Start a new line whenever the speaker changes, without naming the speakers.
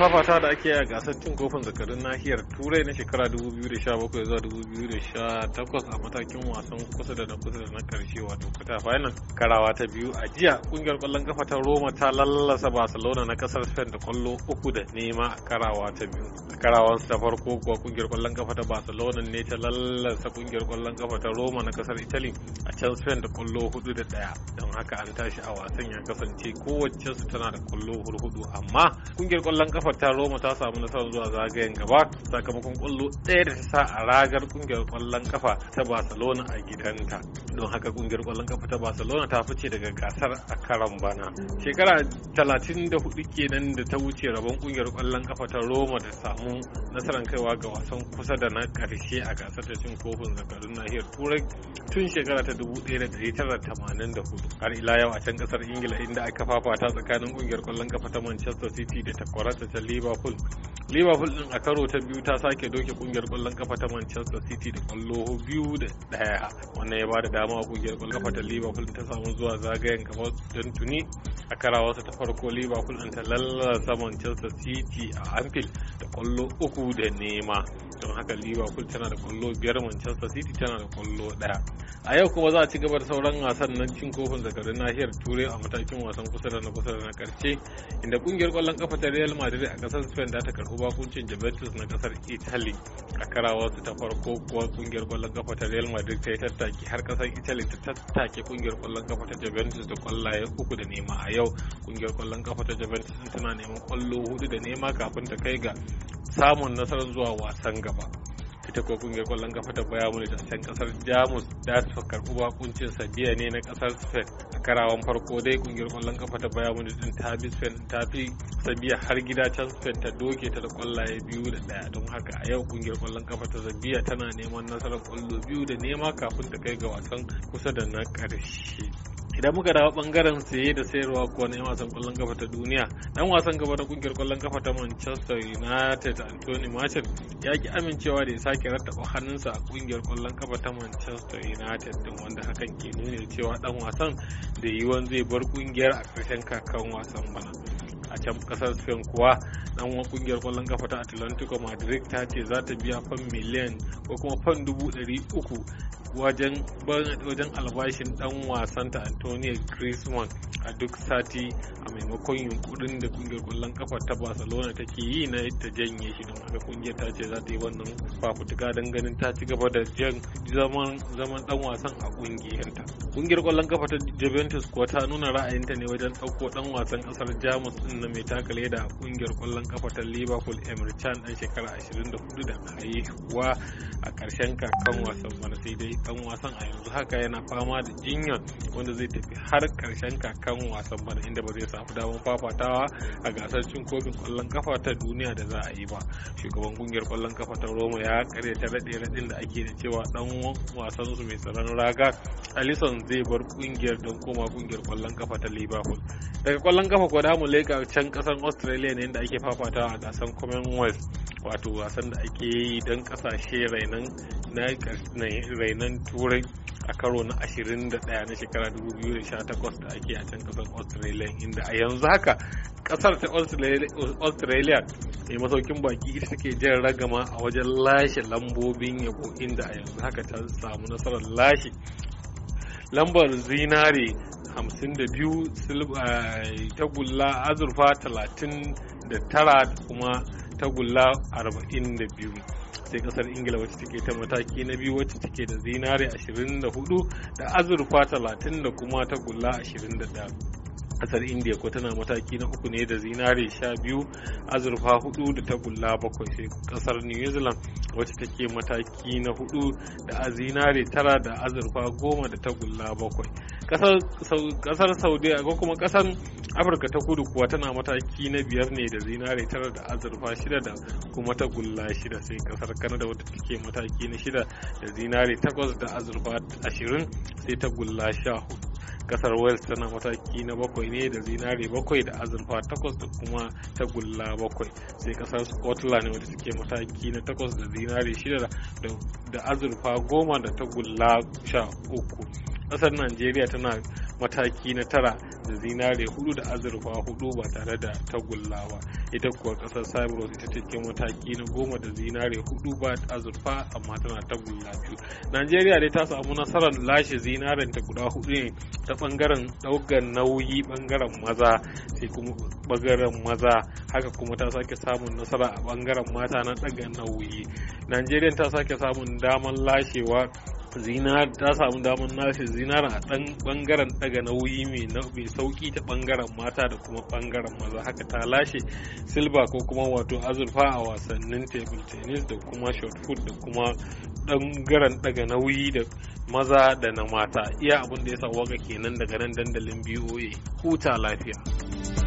fafata da ake a gasar cin kofin zakarun nahiyar turai na shekara 2017 zuwa 2018 a matakin wasan kusa da na kusa da na karshe wato kuta final karawa ta biyu a jiya kungiyar kwallon kafa ta roma ta lallasa barcelona na kasar spain da kwallo uku da nema a karawa ta biyu a karawan ta farko kuwa kungiyar kwallon kafa ta barcelona ne ta lallasa kungiyar kwallon kafa ta roma na kasar italy a can spain da kwallo hudu da daya don haka an tashi a wasan ya kasance kowacce su tana da kwallo hudu amma kungiyar kwallon kafa ta roma ta samu nasarar zuwa zagayen gaba sakamakon kwallo ɗaya da ta sa a ragar kungiyar kwallon kafa ta barcelona a gidanta don haka kungiyar kwallon kafa ta barcelona ta fice daga gasar a karan bana shekara talatin da hudu kenan da ta wuce rabon kungiyar kwallon kafa ta roma ta samu nasarar kaiwa ga wasan kusa da na karshe a gasar ta cin kofin zakarun nahiyar turai tun shekara ta dubu da tara hudu har ila yau a can kasar ingila inda aka fafata tsakanin kungiyar kwallon kafa ta manchester city da kwarata ta da liverpool liverpool din a karo ta biyu ta sake doke kungiyar kwallon kafa ta manchester city da kwallo biyu da daya wannan ya bada dama a kungiyar kwallon kafa ta liverpool ta samu zuwa zagayen kafa don tuni a karawarsa ta farko liverpool an ta lallasa manchester city a anfield da kwallo uku da nema don haka liverpool tana da kwallo biyar manchester city tana da kwallo daya a yau kuma za a ci gaba da sauran wasan na cin kofin zakarun nahiyar turai a matakin wasan kusa da na kusa da na karshe inda kungiyar kwallon kafa ta real madrid a kasar spain da ta karbi bakuncin juventus na kasar italy a karawa su ta farko kuwa kungiyar kwallon kafa ta real madrid ta yi tattaki har kasar italy ta tattake kungiyar kwallon kafa ta juventus da kwallaye uku da nema a yau kungiyar kwallon kafa ta juventus tana neman kwallo hudu da nema kafin ta kai ga samun nasarar zuwa wasan gaba ita ko kungiyar kwallon kafa ta baya mun can kasar jamus da ta karbi bakuncin sabiya ne na kasar spain a karawan farko dai kungiyar kwallon kafa ta baya mun din ta bi spain ta fi sabiya har gida can spain ta doke ta da kwallaye biyu da daya don haka a yau kungiyar kwallon kafa ta sabiya tana neman nasarar kwallo biyu da nema kafin ta kai ga wasan kusa da na karshe idan muka dawo bangaren saye da sayarwa kuwa na wasan kwallon kafa ta duniya dan wasan gaba na kungiyar kwallon kafa ta Manchester United Anthony Martial ya ki amincewa da ya sake rattaba hannunsa a kungiyar kwallon kafa ta Manchester United din wanda hakan ke nuna cewa dan wasan da yiwuwan zai bar kungiyar a karshen kakan wasan bana a can kasar spain kuwa dan kungiyar kwallon kafa ta atlantico madrid ta ce za ta biya fan miliyan ko kuma fan dubu ɗari uku wajen wajen albashin dan wasan ta Antonio Griezmann a duk sati a maimakon yunkurin da kungiyar kwallon kafa ta Barcelona take yi na ta janye shi don haka kungiyar ta ce za ta yi wannan fafutuka don ganin ta ci gaba da jan zaman zaman dan wasan a kungiyarta. Kungiyar kwallon kafa ta Juventus kuwa ta nuna ra'ayinta ne wajen ɗauko dan wasan kasar Jamus din na mai takale da kungiyar kwallon kafa ta Liverpool Emre Can dan shekara 24 da haihuwa a ƙarshen kakan wasan bana sai dai dan wasan a yanzu haka yana fama da jinyar wanda zai tafi har karshen kakan wasan bana inda ba zai samu damar fafatawa a gasar cin kofin kwallon kafa ta duniya da za a yi ba shugaban kungiyar kwallon kafa ta roma ya karyata raɗe raɗin da ake da cewa dan wasan su mai tsaron raga alison zai bar kungiyar don koma kungiyar kwallon kafa ta liverpool daga kwallon kafa kuwa mu leka can kasar australia ne inda ake fafatawa a gasar commonwealth wato wasan da ake yi don kasashe rainan ƙasashen turai a karo na 21 na shekara 2018 da ake a can kasar australia inda a yanzu haka kasar ta australia mai masaukin baki ita take jan ragama a wajen lashe lambobin yabo inda a yanzu haka ta samu nasarar lashe lambar zinare 52 eh, gulla azurfa 39 da kuma tagulla 42 sai kasar ingila wacce take ta mataki na biyu wacce take da zinare 24 da azurfa 30 da kuma tagulla 21 kasar india ko tana mataki na uku ne da zinare 12 azurfa 4 da tagulla 7 sai kasar new zealand wacce take mataki na hudu da zinare 9 da azurfa 10 da tagulla 7 kasar saudiya ko kuma kasar afirka ta kudu kuwa tana mataki na biyar ne da zinare tara da azurfa shida da kuma ta gulla shida sai kasar kanada wata take mataki na shida da zinare takwas da azurfa ashirin sai ta gulla sha hudu kasar wales tana mataki na bakwai ne da zinare bakwai da azurfa takwas da kuma ta gulla bakwai sai kasar scotland wadda take mataki na takwas da zinare shida da azurfa goma da ta gulla sha uku kasar najeriya tana mataki na tara da zinare hudu da azurfa hudu ba tare da tagullawa ita kuwa kasar cyprus ita ce mataki na goma da zinare hudu ba azurfa amma tana tagulla biyu najeriya dai ta samu nasarar lashe zinaren ta guda hudu ne ta bangaren daukar nauyi bangaren maza sai kuma bangaren maza haka kuma ta sake samun nasara a bangaren mata na daga nauyi najeriya ta sake samun damar lashewa zina ta samu damar nashi zinar a dan bangaren daga nauyi mai sauki ta bangaren mata da kuma bangaren maza haka ta lashe silba ko kuma wato azurfa a wasannin table tennis da kuma shot food da kuma ɓangaren daga nauyi da maza da na mata iya abin da ya sa waka kenan daga nan dandalin boa huta lafiya.